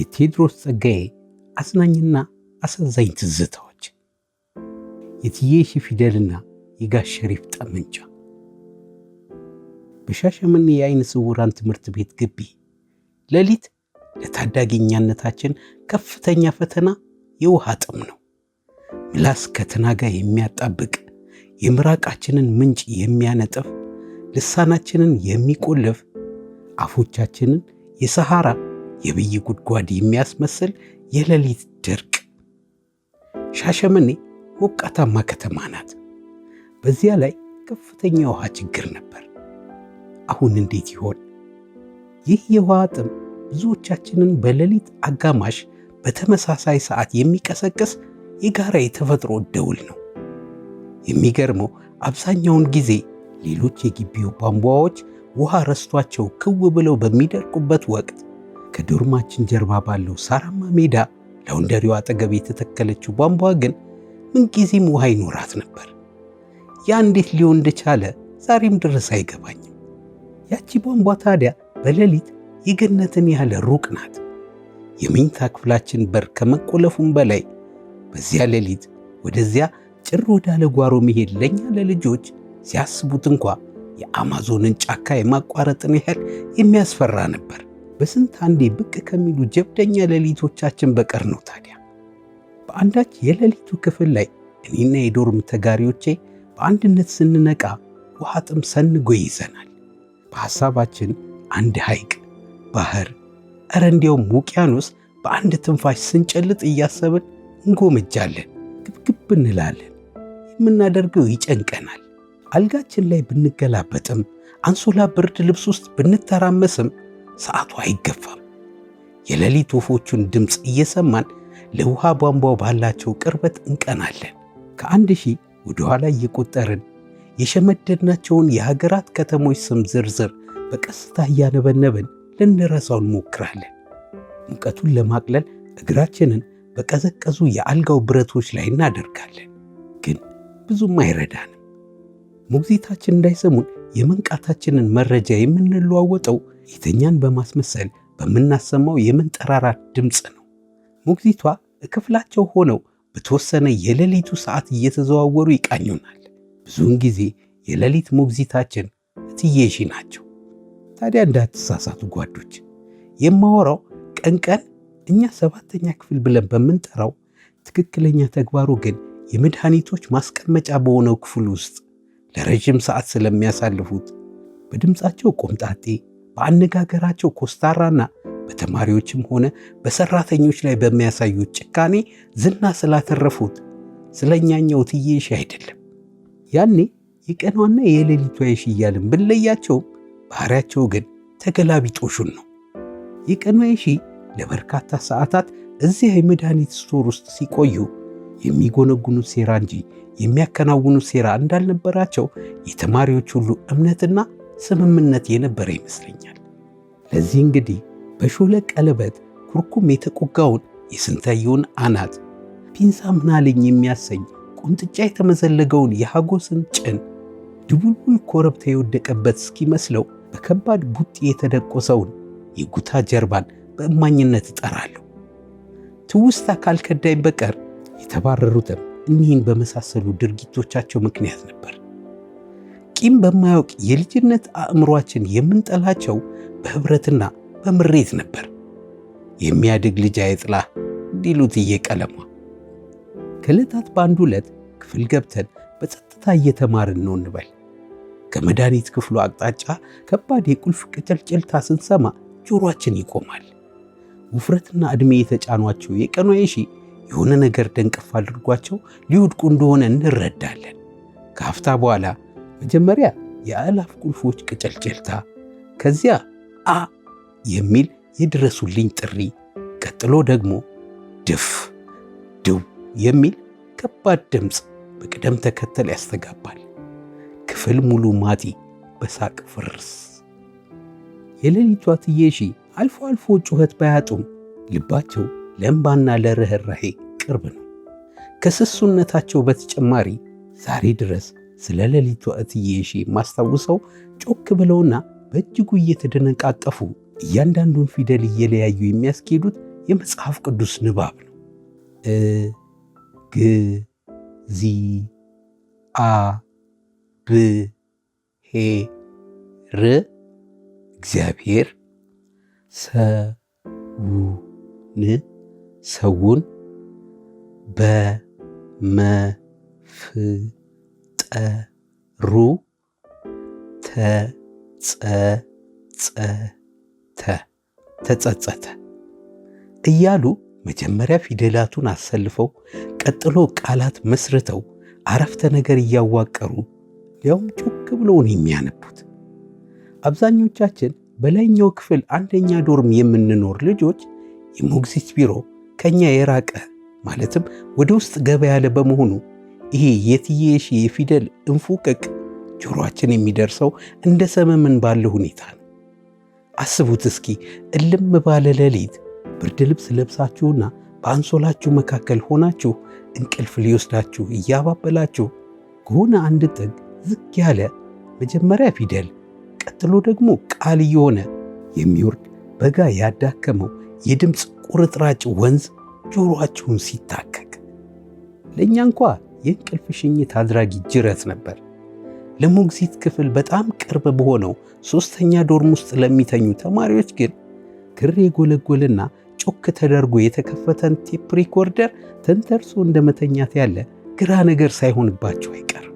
የቴዎድሮስ ጸጋዬ አዝናኝና አሳዛኝ ትዝታዎች፣ የትዬሽ ፊደልና የጋሽ ሸሪፍ ጠመንጃ። በሻሸመኔ የአይነ ስውራን ትምህርት ቤት ግቢ ሌሊት ለታዳጊኛነታችን ከፍተኛ ፈተና የውሃ ጥም ነው። ምላስ ከትናጋ የሚያጣብቅ የምራቃችንን ምንጭ የሚያነጥፍ ልሳናችንን የሚቆልፍ አፎቻችንን የሰሃራ የብይ ጉድጓድ የሚያስመስል የሌሊት ድርቅ። ሻሸመኔ ሞቃታማ ከተማ ናት። በዚያ ላይ ከፍተኛ የውሃ ችግር ነበር። አሁን እንዴት ይሆን? ይህ የውሃ ጥም ብዙዎቻችንን በሌሊት አጋማሽ በተመሳሳይ ሰዓት የሚቀሰቅስ የጋራ የተፈጥሮ ደውል ነው። የሚገርመው አብዛኛውን ጊዜ ሌሎች የግቢው ቧንቧዎች ውሃ ረስቷቸው ክው ብለው በሚደርቁበት ወቅት ከዶርማችን ጀርባ ባለው ሳራማ ሜዳ ለወንደሪው አጠገብ የተተከለችው ቧንቧ ግን ምንጊዜም ውሃ ይኖራት ነበር። ያ እንዴት ሊሆን እንደቻለ ዛሬም ድረስ አይገባኝም። ያቺ ቧንቧ ታዲያ በሌሊት የገነትን ያህል ሩቅ ናት። የመኝታ ክፍላችን በር ከመቆለፉም በላይ በዚያ ሌሊት ወደዚያ ጭር ወዳለ ጓሮ መሄድ ለእኛ ለልጆች ሲያስቡት እንኳ የአማዞንን ጫካ የማቋረጥን ያህል የሚያስፈራ ነበር። በስንት አንዴ ብቅ ከሚሉ ጀብደኛ ሌሊቶቻችን በቀር ነው። ታዲያ በአንዳች የሌሊቱ ክፍል ላይ እኔና የዶርም ተጋሪዎቼ በአንድነት ስንነቃ ውሃ ጥም ሰንጎ ይዘናል። በሐሳባችን አንድ ሐይቅ፣ ባህር፣ እረ እንዲያውም ውቅያኖስ በአንድ ትንፋሽ ስንጨልጥ እያሰብን እንጎመጃለን፣ ግብግብ እንላለን። የምናደርገው ይጨንቀናል። አልጋችን ላይ ብንገላበጥም አንሶላ ብርድ ልብስ ውስጥ ብንተራመስም ሰዓቱ አይገፋም። የሌሊት ወፎቹን ድምፅ እየሰማን ለውሃ ቧንቧው ባላቸው ቅርበት እንቀናለን። ከአንድ ሺህ ወደ ኋላ እየቆጠርን የሸመደድናቸውን የሀገራት ከተሞች ስም ዝርዝር በቀስታ እያነበነበን ልንረሳው እንሞክራለን። ሙቀቱን ለማቅለል እግራችንን በቀዘቀዙ የአልጋው ብረቶች ላይ እናደርጋለን። ግን ብዙም አይረዳንም። ሞግዚታችን እንዳይሰሙን የመንቃታችንን መረጃ የምንለዋወጠው የተኛን በማስመሰል በምናሰማው የምንጠራራት ድምፅ ነው። ሙግዚቷ እክፍላቸው ሆነው በተወሰነ የሌሊቱ ሰዓት እየተዘዋወሩ ይቃኙናል። ብዙውን ጊዜ የሌሊት ሙግዚታችን እትየሺ ናቸው። ታዲያ እንዳትሳሳቱ ጓዶች፣ የማወራው ቀንቀን እኛ ሰባተኛ ክፍል ብለን በምንጠራው ትክክለኛ ተግባሩ ግን የመድኃኒቶች ማስቀመጫ በሆነው ክፍል ውስጥ ለረዥም ሰዓት ስለሚያሳልፉት በድምፃቸው ቆምጣጤ በአነጋገራቸው ኮስታራና በተማሪዎችም ሆነ በሰራተኞች ላይ በሚያሳዩ ጭካኔ ዝና ስላተረፉት ስለኛኛው ትዬሽ አይደለም። ያኔ የቀኗና የሌሊቷ የሽያልን ብንለያቸውም ባህሪያቸው ግን ተገላቢጦሹን ነው። የቀኗ የሺ ለበርካታ ሰዓታት እዚያ የመድኃኒት ስቶር ውስጥ ሲቆዩ የሚጎነጉኑት ሴራ እንጂ የሚያከናውኑት ሴራ እንዳልነበራቸው የተማሪዎች ሁሉ እምነትና ስምምነት የነበረ ይመስለኛል። ለዚህ እንግዲህ በሾለ ቀለበት ኩርኩም የተቆጋውን የስንታየውን አናት ፒንሳ ምናለኝ የሚያሰኝ ቁንጥጫ የተመዘለገውን የሐጎስን ጭን ድቡልቡል ኮረብታ የወደቀበት እስኪመስለው በከባድ ቡጢ የተደቆሰውን የጉታ ጀርባን በእማኝነት እጠራለሁ። ትውስታ ካልከዳኝ በቀር የተባረሩትም እኒህን በመሳሰሉ ድርጊቶቻቸው ምክንያት ነበር። ቂም በማያውቅ የልጅነት አእምሯችን የምንጠላቸው በህብረትና በምሬት ነበር። የሚያድግ ልጅ አይጥላህ እንዲሉት እየቀለሟ ከዕለታት በአንድ ዕለት ክፍል ገብተን በጸጥታ እየተማርን ነው እንበል። ከመድኃኒት ክፍሉ አቅጣጫ ከባድ የቁልፍ ቅጭልጭልታ ስንሰማ ጆሮአችን ይቆማል። ውፍረትና ዕድሜ የተጫኗቸው የቀኗ የሺ የሆነ ነገር ደንቅፍ አድርጓቸው ሊወድቁ እንደሆነ እንረዳለን። ከአፍታ በኋላ መጀመሪያ የአእላፍ ቁልፎች ቅጨልጨልታ፣ ከዚያ አ የሚል የድረሱልኝ ጥሪ፣ ቀጥሎ ደግሞ ድፍ ድው የሚል ከባድ ድምፅ በቅደም ተከተል ያስተጋባል። ክፍል ሙሉ ማጢ በሳቅ ፍርስ። የሌሊቷ ትየሺ አልፎ አልፎ ጩኸት ባያጡም ልባቸው ለምባና ለርኅራሄ ቅርብ ነው። ከስሱነታቸው በተጨማሪ ዛሬ ድረስ ስለ ሌሊቱ እትዬሽ የማስታውሰው ጮክ ብለውና በእጅጉ እየተደነቃቀፉ እያንዳንዱን ፊደል እየለያዩ የሚያስኬዱት የመጽሐፍ ቅዱስ ንባብ ነው። እ ግ ዚ አ ብ ሄ ር እግዚአብሔር ሰ ው ን ሰውን በመፍ ጠሩ ተጸጸተ ተጸጸተ እያሉ መጀመሪያ ፊደላቱን አሰልፈው ቀጥሎ ቃላት መስርተው አረፍተ ነገር እያዋቀሩ ያውም ጮክ ብለውን የሚያነቡት አብዛኞቻችን በላይኛው ክፍል አንደኛ ዶርም የምንኖር ልጆች የሞግዚት ቢሮ ከኛ የራቀ ማለትም ወደ ውስጥ ገበያ ያለ በመሆኑ ይሄ የትዬሽ የፊደል እንፉቅቅ ጆሮአችን የሚደርሰው እንደ ሰመምን ባለ ሁኔታ ነው። አስቡት እስኪ እልም ባለ ሌሊት ብርድ ልብስ ለብሳችሁና በአንሶላችሁ መካከል ሆናችሁ እንቅልፍ ሊወስዳችሁ እያባበላችሁ ከሆነ አንድ ጥግ ዝግ ያለ መጀመሪያ ፊደል ቀጥሎ ደግሞ ቃል እየሆነ የሚወርድ በጋ ያዳከመው የድምፅ ቁርጥራጭ ወንዝ ጆሮአችሁን ሲታከክ ለእኛ እንኳ የእንቅልፍ ሽኝት አድራጊ ጅረት ነበር። ለሞግዚት ክፍል በጣም ቅርብ በሆነው ሶስተኛ ዶርም ውስጥ ለሚተኙ ተማሪዎች ግን ክር የጎለጎለና ጮክ ተደርጎ የተከፈተን ቴፕ ሪኮርደር ተንተርሶ እንደ መተኛት ያለ ግራ ነገር ሳይሆንባቸው አይቀርም።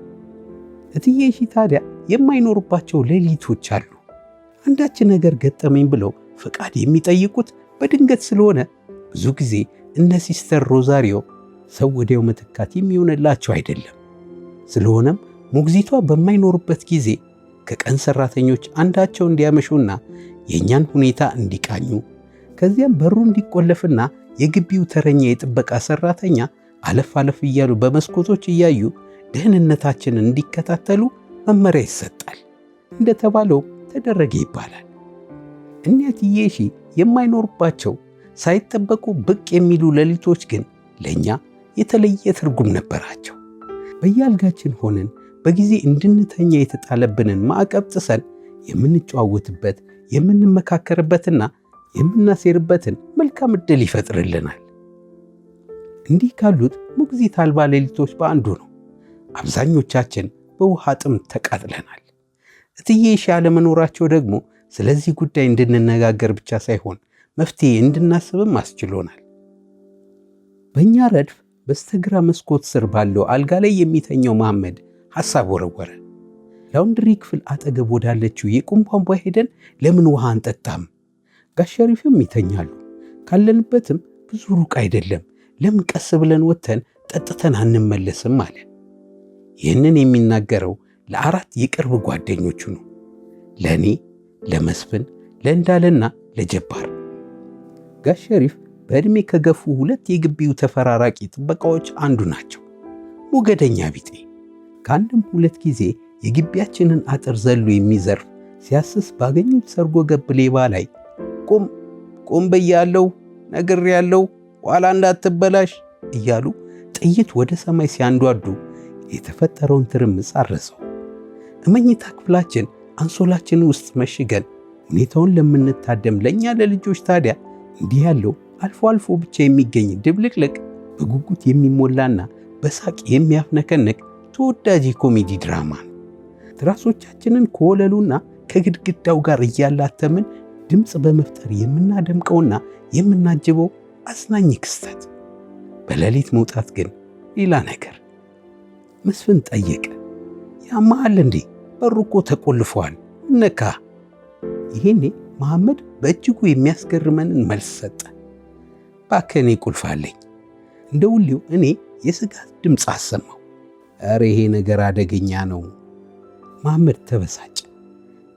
እትዬ ታዲያ የማይኖርባቸው ሌሊቶች አሉ። አንዳች ነገር ገጠመኝ ብለው ፈቃድ የሚጠይቁት በድንገት ስለሆነ ብዙ ጊዜ እነ ሲስተር ሮዛሪዮ ሰው ወዲያው መተካት የሚሆንላቸው አይደለም። ስለሆነም ሞግዚቷ በማይኖርበት ጊዜ ከቀን ሰራተኞች አንዳቸው እንዲያመሹና የእኛን ሁኔታ እንዲቃኙ ከዚያም በሩ እንዲቆለፍና የግቢው ተረኛ የጥበቃ ሰራተኛ አለፍ አለፍ እያሉ በመስኮቶች እያዩ ደህንነታችንን እንዲከታተሉ መመሪያ ይሰጣል። እንደተባለው ተደረገ ይባላል። እኒያት እትዬ የማይኖርባቸው ሳይጠበቁ ብቅ የሚሉ ሌሊቶች ግን ለእኛ የተለየ ትርጉም ነበራቸው። በየአልጋችን ሆነን በጊዜ እንድንተኛ የተጣለብንን ማዕቀብ ጥሰን የምንጨዋወትበት የምንመካከርበትና የምናሴርበትን መልካም ዕድል ይፈጥርልናል። እንዲህ ካሉት ሙግዚት አልባ ሌሊቶች በአንዱ ነው። አብዛኞቻችን በውሃ ጥም ተቃጥለናል። እትዬ ሺ አለመኖራቸው ደግሞ ስለዚህ ጉዳይ እንድንነጋገር ብቻ ሳይሆን መፍትሄ እንድናስብም አስችሎናል። በእኛ ረድፍ በስተግራ መስኮት ስር ባለው አልጋ ላይ የሚተኘው መሐመድ ሐሳብ ወረወረ። ላውንድሪ ክፍል አጠገብ ወዳለችው የቁም ቧንቧ ሄደን ለምን ውሃ አንጠጣም? ጋሽ ሸሪፍም ይተኛሉ። ካለንበትም ብዙ ሩቅ አይደለም። ለምን ቀስ ብለን ወጥተን ጠጥተን አንመለስም? አለ። ይህንን የሚናገረው ለአራት የቅርብ ጓደኞቹ ነው። ለእኔ፣ ለመስፍን፣ ለእንዳለና ለጀባር። ጋሽ ሸሪፍ በእድሜ ከገፉ ሁለት የግቢው ተፈራራቂ ጥበቃዎች አንዱ ናቸው። ሞገደኛ ቢጤ ከአንድም ሁለት ጊዜ የግቢያችንን አጥር ዘሎ የሚዘርፍ ሲያስስ ባገኙት ሰርጎ ገብ ሌባ ላይ ቁም ቁም ብያለው፣ ነግር ያለው ኋላ እንዳትበላሽ እያሉ ጥይት ወደ ሰማይ ሲያንዷዱ የተፈጠረውን ትርምስ አረሰው። እመኝታ ክፍላችን አንሶላችን ውስጥ መሽገን ሁኔታውን ለምንታደም ለእኛ ለልጆች ታዲያ እንዲህ ያለው አልፎ አልፎ ብቻ የሚገኝ ድብልቅልቅ በጉጉት የሚሞላና በሳቅ የሚያፍነከንቅ ተወዳጅ የኮሜዲ ድራማ ነው። ትራሶቻችንን ከወለሉና ከግድግዳው ጋር እያላተምን ድምፅ በመፍጠር የምናደምቀውና የምናጅበው አዝናኝ ክስተት። በሌሊት መውጣት ግን ሌላ ነገር። መስፍን ጠየቀ። ያመሃል እንዴ? በሩ እኮ ተቆልፏል እነካ። ይህኔ መሐመድ በእጅጉ የሚያስገርመንን መልስ ሰጠ። እባክህ እኔ ቁልፍ አለኝ። እንደ ሁሌው እኔ የስጋት ድምፅ አሰማው። ኧረ ይሄ ነገር አደገኛ ነው። ማመድ ተበሳጨ።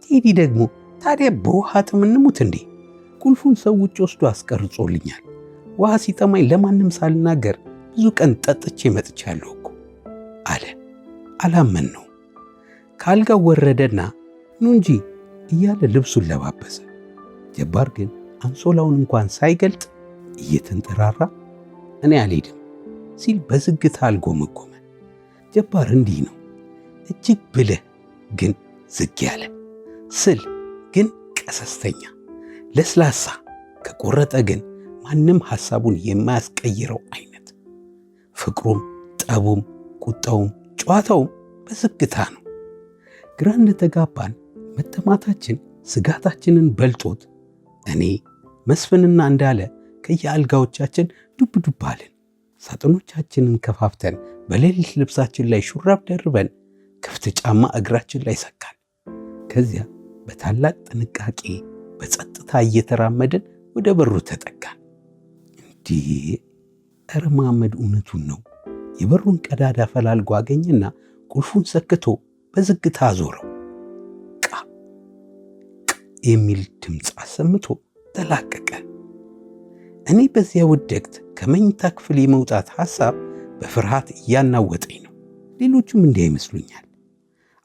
ቴዲ ደግሞ ታዲያ በውሃ ጥም እንሙት እንዴ? ቁልፉን ሰው ውጭ ወስዶ አስቀርጾልኛል። ውሃ ሲጠማኝ ለማንም ሳልናገር ብዙ ቀን ጠጥቼ መጥቻለሁ እኮ አለ። አላመን ነው። ከአልጋው ወረደና ኑ እንጂ እያለ ልብሱን ለባበሰ። ጀባር ግን አንሶላውን እንኳን ሳይገልጥ እየተንጠራራ እኔ አልሄድም ሲል በዝግታ አልጎመጎመ። ጀባር እንዲህ ነው። እጅግ ብልህ ግን ዝግ ያለ፣ ስል ግን ቀሰስተኛ፣ ለስላሳ ከቆረጠ ግን ማንም ሐሳቡን የማያስቀይረው አይነት። ፍቅሩም ጠቡም ቁጣውም ጨዋታውም በዝግታ ነው። ግራ እንደተጋባን መተማታችን ስጋታችንን በልጦት እኔ መስፍንና እንዳለ ከየአልጋዎቻችን ዱብ ዱብ አልን። ሳጥኖቻችንን ከፋፍተን በሌሊት ልብሳችን ላይ ሹራብ ደርበን ክፍት ጫማ እግራችን ላይ ሰካን። ከዚያ በታላቅ ጥንቃቄ በጸጥታ እየተራመድን ወደ በሩ ተጠጋን። እንዲህ ኧረ መሐመድ እውነቱን ነው። የበሩን ቀዳዳ ፈላልጎ አገኘና ቁልፉን ሰክቶ በዝግታ አዞረው። ቃ ቃ የሚል ድምፅ አሰምቶ ተላቀቀን። እኔ በዚያ ውደቅት ከመኝታ ክፍል የመውጣት ሐሳብ በፍርሃት እያናወጠኝ ነው። ሌሎቹም እንዲ ይመስሉኛል።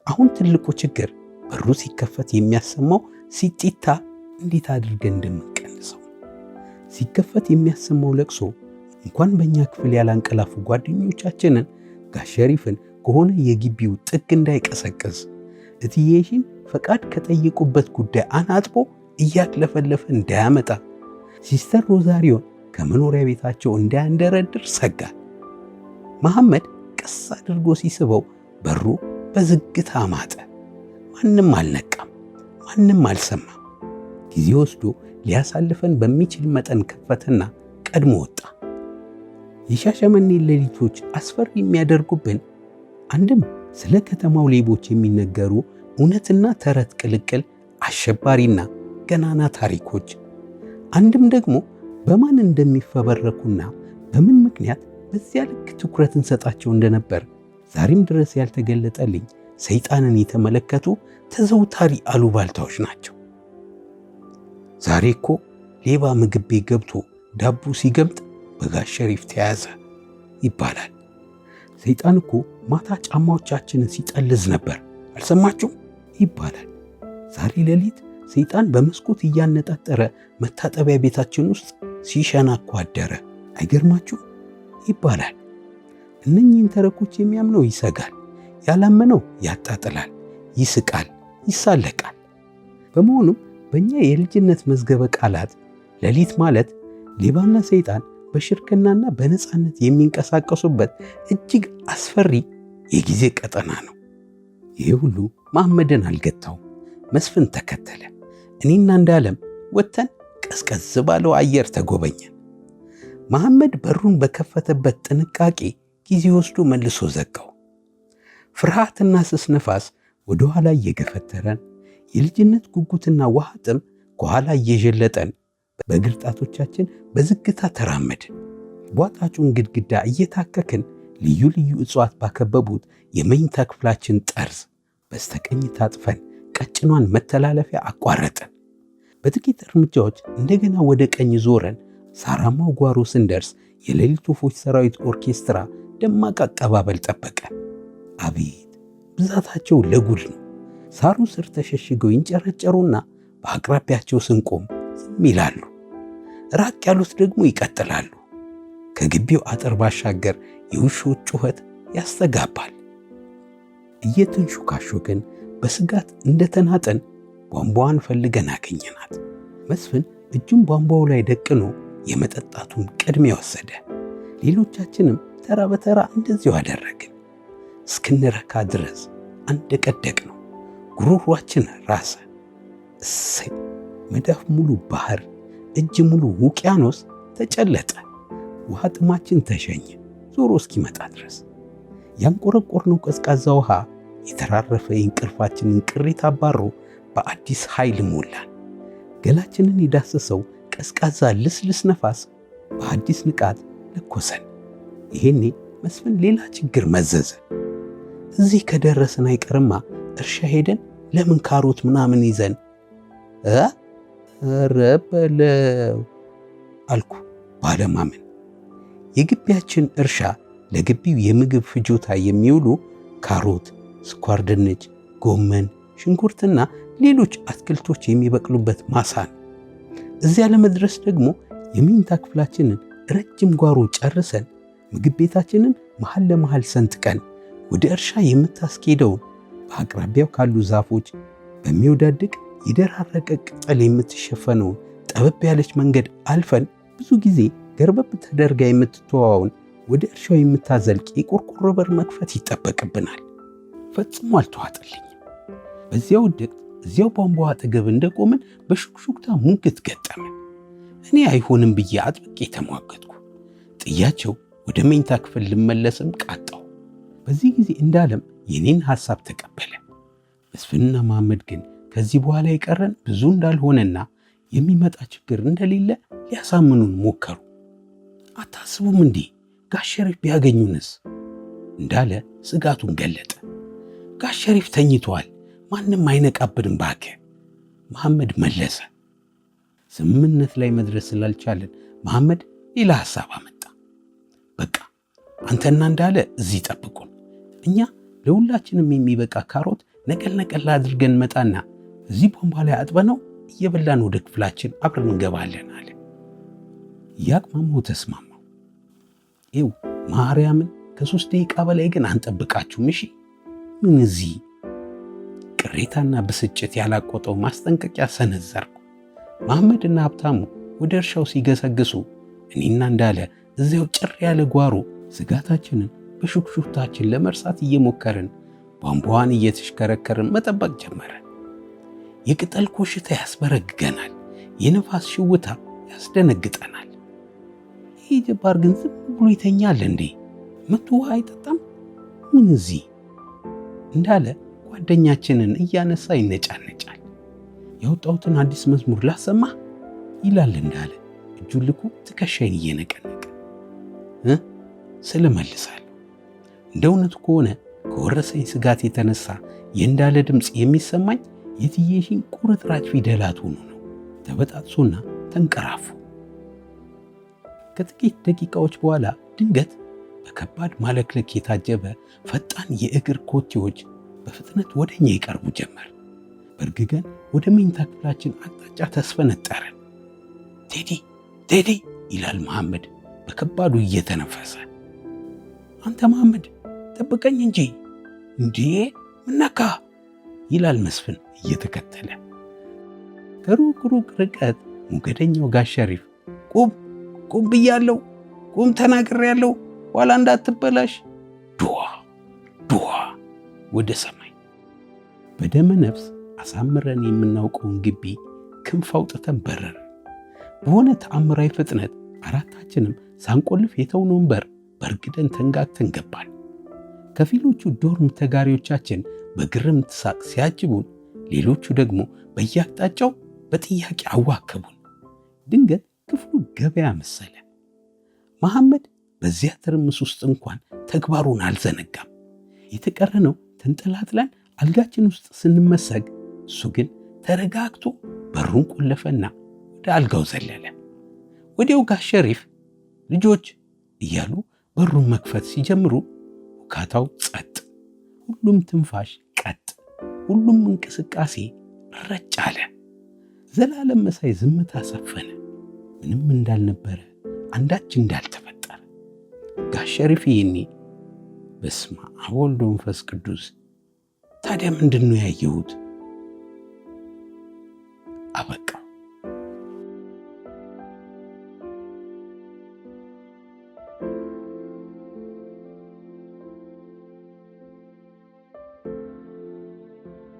አሁን ትልቁ ችግር በሩ ሲከፈት የሚያሰማው ሲጢታ እንዴት አድርገን እንደምንቀንሰው። ሲከፈት የሚያሰማው ለቅሶ እንኳን በእኛ ክፍል ያላንቀላፉ ጓደኞቻችንን ጋሸሪፍን ከሆነ የግቢው ጥግ እንዳይቀሰቅስ እትዬሽን ፈቃድ ከጠየቁበት ጉዳይ አናጥቦ እያቅለፈለፈ እንዳያመጣ ሲስተር ሮዛሪዮን ከመኖሪያ ቤታቸው እንዳያንደረድር ሰጋ። መሐመድ ቀስ አድርጎ ሲስበው በሩ በዝግታ ማጠ። ማንም አልነቃም፣ ማንም አልሰማም። ጊዜ ወስዶ ሊያሳልፈን በሚችል መጠን ከፈትና ቀድሞ ወጣ። የሻሸመኔ ሌሊቶች አስፈሪ የሚያደርጉብን አንድም ስለ ከተማው ሌቦች የሚነገሩ እውነትና ተረት ቅልቅል አሸባሪና ገናና ታሪኮች አንድም ደግሞ በማን እንደሚፈበረኩና በምን ምክንያት በዚያ ልክ ትኩረት እንሰጣቸው እንደነበር ዛሬም ድረስ ያልተገለጠልኝ ሰይጣንን የተመለከቱ ተዘውታሪ አሉባልታዎች ናቸው። ዛሬ እኮ ሌባ ምግብ ቤት ገብቶ ዳቦ ሲገምጥ በጋሽ ሸሪፍ ተያዘ ይባላል። ሰይጣን እኮ ማታ ጫማዎቻችንን ሲጠልዝ ነበር አልሰማችሁም ይባላል። ዛሬ ሌሊት ሰይጣን በመስኮት እያነጣጠረ መታጠቢያ ቤታችን ውስጥ ሲሸናኩ አደረ። አይገርማችሁ ይባላል። እነኚህን ተረኮች የሚያምነው ይሰጋል፣ ያላመነው ያጣጥላል፣ ይስቃል፣ ይሳለቃል። በመሆኑም በእኛ የልጅነት መዝገበ ቃላት ሌሊት ማለት ሌባና ሰይጣን በሽርክናና በነፃነት የሚንቀሳቀሱበት እጅግ አስፈሪ የጊዜ ቀጠና ነው። ይህ ሁሉ መሐመድን አልገታው። መስፍን ተከተለ። እኔና እንዳለም ወጥተን ቀዝቀዝ ባለው አየር ተጎበኘን። መሐመድ በሩን በከፈተበት ጥንቃቄ ጊዜ ወስዶ መልሶ ዘጋው። ፍርሃትና ስስ ነፋስ ወደ ኋላ እየገፈተረን፣ የልጅነት ጉጉትና ውሃ ጥም ከኋላ እየዠለጠን በግርጣቶቻችን በዝግታ ተራመድን። ቧጣጩን ግድግዳ እየታከክን ልዩ ልዩ እጽዋት ባከበቡት የመኝታ ክፍላችን ጠርዝ በስተቀኝ ታጥፈን ቀጭኗን መተላለፊያ አቋረጥን። በጥቂት እርምጃዎች እንደገና ወደ ቀኝ ዞረን ሳራማው ጓሮ ስንደርስ የሌሊት ወፎች ሰራዊት ኦርኬስትራ ደማቅ አቀባበል ጠበቀን። አቤት ብዛታቸው ለጉድ ነው! ሳሩ ስር ተሸሽገው ይንጨረጨሩና በአቅራቢያቸው ስንቆም ዝም ይላሉ። ራቅ ያሉት ደግሞ ይቀጥላሉ። ከግቢው አጥር ባሻገር የውሾች ጩኸት ያስተጋባል። እየተንሾካሾክን በስጋት እንደተናጠን ቧንቧዋን ፈልገን አገኘናት። መስፍን እጁን ቧንቧው ላይ ደቅኖ የመጠጣቱን ቅድሚያ ወሰደ። ሌሎቻችንም ተራ በተራ እንደዚሁ አደረግን። እስክንረካ ድረስ አንድ ቀደቅ ነው። ጉሮሯችን ራሰ። እሰይ! መዳፍ ሙሉ ባህር፣ እጅ ሙሉ ውቅያኖስ ተጨለጠ። ውሃ ጥማችን ተሸኘ፣ ዞሮ እስኪመጣ ድረስ ያንቆረቆርነው ቀዝቃዛ ውሃ የተራረፈ የእንቅልፋችንን ቅሪት አባሮ በአዲስ ኃይል ሞላን። ገላችንን የዳሰሰው ቀዝቃዛ ልስልስ ነፋስ በአዲስ ንቃት ለኮሰን። ይሄኔ መስፍን ሌላ ችግር መዘዘ። እዚህ ከደረስን አይቀርማ እርሻ ሄደን ለምን ካሮት ምናምን ይዘን ረበለው አልኩ ባለማመን። የግቢያችን እርሻ ለግቢው የምግብ ፍጆታ የሚውሉ ካሮት፣ ስኳር ድንች፣ ጎመን፣ ሽንኩርትና ሌሎች አትክልቶች የሚበቅሉበት ማሳ ነው። እዚያ ለመድረስ ደግሞ የመኝታ ክፍላችንን ረጅም ጓሮ ጨርሰን ምግብ ቤታችንን መሀል ለመሀል ሰንጥቀን ወደ እርሻ የምታስኬደውን በአቅራቢያው ካሉ ዛፎች በሚወዳድቅ የደራረቀ ቅጠል የምትሸፈነውን ጠበብ ያለች መንገድ አልፈን ብዙ ጊዜ ገርበብ ተደርጋ የምትተዋውን ወደ እርሻው የምታዘልቅ የቆርቆሮ በር መክፈት ይጠበቅብናል። ፈጽሞ አልተዋጠልኝም። በዚያው ውደት እዚያው ቧንቧ አጠገብ እንደቆምን በሹክሹክታ ሙግት ገጠመን እኔ አይሆንም ብዬ አጥብቄ ተሟገጥኩ። ጥያቸው ወደ መኝታ ክፍል ልመለስም ቃጣው። በዚህ ጊዜ እንዳለም የኔን ሐሳብ ተቀበለ። መስፍንና መሐመድ ግን ከዚህ በኋላ የቀረን ብዙ እንዳልሆነና የሚመጣ ችግር እንደሌለ ሊያሳምኑን ሞከሩ። አታስቡም እንዴ ጋሸሪፍ ቢያገኙንስ? እንዳለ ስጋቱን ገለጠ። ጋሸሪፍ ሸሪፍ ተኝቷል ማንም አይነቃብንም። ባከ መሐመድ መለሰ። ስምምነት ላይ መድረስ ስላልቻለን መሐመድ ሌላ ሐሳብ አመጣ። በቃ አንተና እንዳለ እዚህ ጠብቁን፣ እኛ ለሁላችንም የሚበቃ ካሮት ነቀል ነቀል አድርገን መጣና እዚህ ቧንቧ ላይ አጥበነው እየበላን ወደ ክፍላችን አብረን እንገባለን አለ። ያቅማማው ተስማማ። ይው ማርያምን ከሶስት ደቂቃ በላይ ግን አንጠብቃችሁም። እሺ ምን እዚህ ቅሬታና ብስጭት ያላቆጠው ማስጠንቀቂያ ሰነዘርኩ። መሐመድና ሀብታሙ ወደ እርሻው ሲገሰግሱ እኔና እንዳለ እዚያው ጭር ያለ ጓሮ ስጋታችንን በሹክሹክታችን ለመርሳት እየሞከርን ቧንቧዋን እየተሽከረከርን መጠበቅ ጀመረ። የቅጠል ኮሽታ ያስበረግገናል፣ የንፋስ ሽውታ ያስደነግጠናል። ይህ ጀባር ግን ዝም ብሎ ይተኛል እንዴ? መቶ ውሃ አይጠጣም? ምን እዚህ እንዳለ ጓደኛችንን እያነሳ ይነጫነጫል። ያወጣሁትን አዲስ መዝሙር ላሰማ ይላል እንዳለ እጁን ልኮ ትከሻይን እየነቀነቀ ስለመልሳለሁ። እንደ እውነቱ ከሆነ ከወረሰኝ ስጋት የተነሳ የእንዳለ ድምፅ የሚሰማኝ የትዬሽን ቁርጥራጭ ፊደላት ሆኖ ነው። ተበጣጥሶና ተንቀራፉ። ከጥቂት ደቂቃዎች በኋላ ድንገት በከባድ ማለክለክ የታጀበ ፈጣን የእግር ኮቴዎች በፍጥነት ወደ እኛ ይቀርቡ ጀመር። በርግገን ወደ መኝታ ክፍላችን አቅጣጫ ተስፈነጠርን። ቴዲ ቴዲ ይላል መሐመድ በከባዱ እየተነፈሰ። አንተ መሐመድ ጠብቀኝ እንጂ እንዴ ምነካ ይላል መስፍን እየተከተለ። ከሩቅ ሩቅ ርቀት ሞገደኛው ጋሽ ሸሪፍ ቁም ቁም ብያለው፣ ቁም ተናግሬያለው፣ ኋላ እንዳትበላሽ ዱዋ ዱዋ ወደ ሰማይ በደመ ነፍስ አሳምረን የምናውቀውን ግቢ ክንፍ አውጥተን በረር። በሆነ ተአምራዊ ፍጥነት አራታችንም ሳንቆልፍ የተውነውን በር በእርግደን ተንጋግተን ገባን። ከፊሎቹ ዶርም ተጋሪዎቻችን በግርምት ሳቅ ሲያጅቡን፣ ሌሎቹ ደግሞ በየአቅጣጫው በጥያቄ አዋከቡን። ድንገት ክፍሉ ገበያ መሰለ። መሐመድ በዚያ ትርምስ ውስጥ እንኳን ተግባሩን አልዘነጋም። የተቀረነው ተንጠላጥለን አልጋችን ውስጥ ስንመሰግ እሱ ግን ተረጋግቶ በሩን ቆለፈና ወደ አልጋው ዘለለ። ወዲያው ጋሽ ሸሪፍ ልጆች እያሉ በሩን መክፈት ሲጀምሩ ውካታው ጸጥ፣ ሁሉም ትንፋሽ ቀጥ፣ ሁሉም እንቅስቃሴ ረጭ አለ። ዘላለም መሳይ ዝምታ ሰፈነ። ምንም እንዳልነበረ፣ አንዳች እንዳልተፈጠረ ጋሽ ሸሪፍ ይህኔ በስመ አብ ወወልድ ወመንፈስ ቅዱስ። ታዲያ ምንድን ነው ያየሁት? አበቃ።